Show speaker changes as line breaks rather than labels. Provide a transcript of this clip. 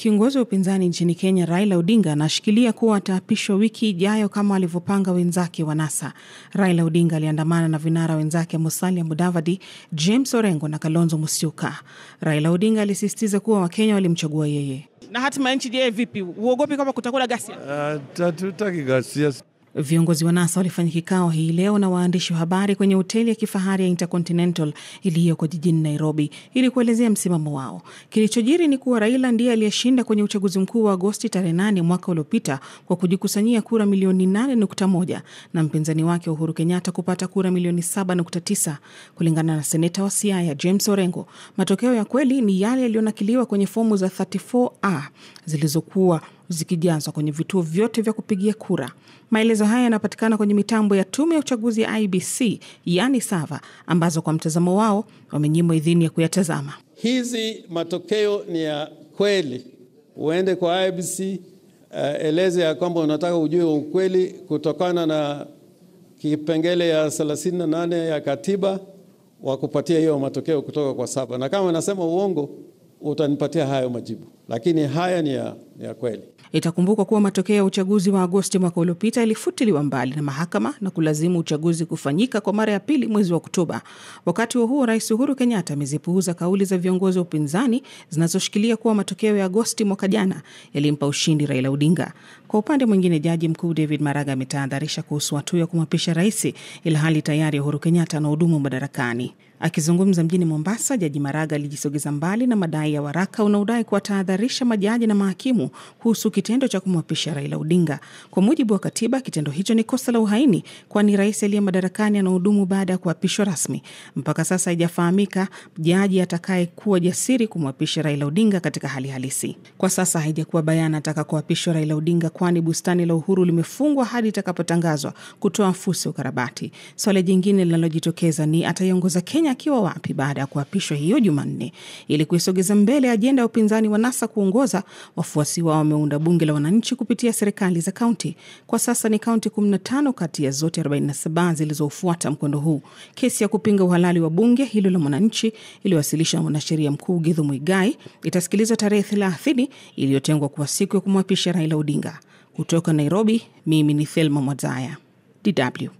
Kiongozi wa upinzani nchini Kenya Raila Odinga anashikilia kuwa ataapishwa wiki ijayo kama alivyopanga wenzake wa NASA. Raila Odinga aliandamana na vinara wenzake Musalia Mudavadi, James Orengo na Kalonzo Musyoka. Raila Odinga alisisitiza kuwa Wakenya walimchagua yeye. Na hatima ya nchi je, vipi? Huogopi kwamba kutakula ghasia? Uh, ah, hatutaki ghasia. Viongozi wa NASA walifanya kikao hii leo na waandishi wa habari kwenye hoteli ya kifahari ya Intercontinental iliyoko jijini Nairobi ili kuelezea msimamo wao. Kilichojiri ni kuwa Raila ndiye aliyeshinda kwenye uchaguzi mkuu wa Agosti tarehe 8 mwaka uliopita kwa kujikusanyia kura milioni 8.1 na mpinzani wake Uhuru Kenyatta kupata kura milioni 7.9 kulingana na seneta wa Siaya James Orengo. Matokeo ya kweli ni yale yaliyonakiliwa kwenye fomu za 34A zilizokuwa zikijazwa kwenye vituo vyote vya kupigia kura. Maelezo haya yanapatikana kwenye mitambo ya tume ya uchaguzi ya IBC yani Sava, ambazo kwa mtazamo wao wamenyimwa idhini ya kuyatazama.
Hizi matokeo ni ya kweli, uende kwa IBC uh, eh, eleze ya kwamba unataka ujue ukweli kutokana na kipengele ya 38 ya katiba wa kupatia hiyo matokeo kutoka kwa saba, na kama unasema uongo utanipatia hayo majibu, lakini haya ni ya ya kweli.
Itakumbukwa kuwa matokeo ya uchaguzi wa Agosti mwaka uliopita yalifutiliwa mbali na mahakama na kulazimu uchaguzi kufanyika kwa mara ya pili mwezi wa Oktoba. Wakati huo huo, Rais Uhuru Kenyatta amezipuuza kauli za viongozi wa upinzani zinazoshikilia kuwa matokeo ya Agosti mwaka jana yalimpa ushindi Raila Odinga. Kwa upande mwingine, jaji mkuu David Maraga ametahadharisha kuhusu hatua ya kumwapisha rais, ilhali tayari Uhuru Kenyatta anahudumu madarakani. Akizungumza mjini Mombasa, Jaji Maraga alijisogeza mbali na madai ya waraka unaodai kuwatahadharisha majaji na mahakimu kuhusu kitendo cha kumwapisha Raila Odinga. Kwa mujibu wa katiba, kitendo hicho ni kosa la uhaini, kwani rais aliye madarakani anahudumu baada ya kuapishwa rasmi. Mpaka sasa haijafahamika jaji atakayekuwa jasiri kumwapisha Raila Odinga katika hali halisi. Kwa sasa haijakuwa bayana atakakoapishwa Raila Odinga, kwani bustani la Uhuru limefungwa hadi itakapotangazwa kutoa fursa ya ukarabati. Swala jingine linalojitokeza ni ataiongoza Kenya akiwa wapi baada ya kuapishwa hiyo Jumanne. Ili kuisogeza mbele ajenda ya upinzani wa NASA kuongoza wafuasi wao wameunda bunge la wananchi kupitia serikali za kaunti. Kwa sasa ni kaunti 15 kati ya zote 47 zilizofuata mkondo huu. Kesi ya kupinga uhalali wa bunge hilo la mwananchi iliyowasilishwa na mwanasheria mkuu Githu Muigai itasikilizwa tarehe 30 iliyotengwa kuwa siku ya kumwapisha Raila Odinga. Kutoka Nairobi, mimi ni Thelma Mwazaya, DW.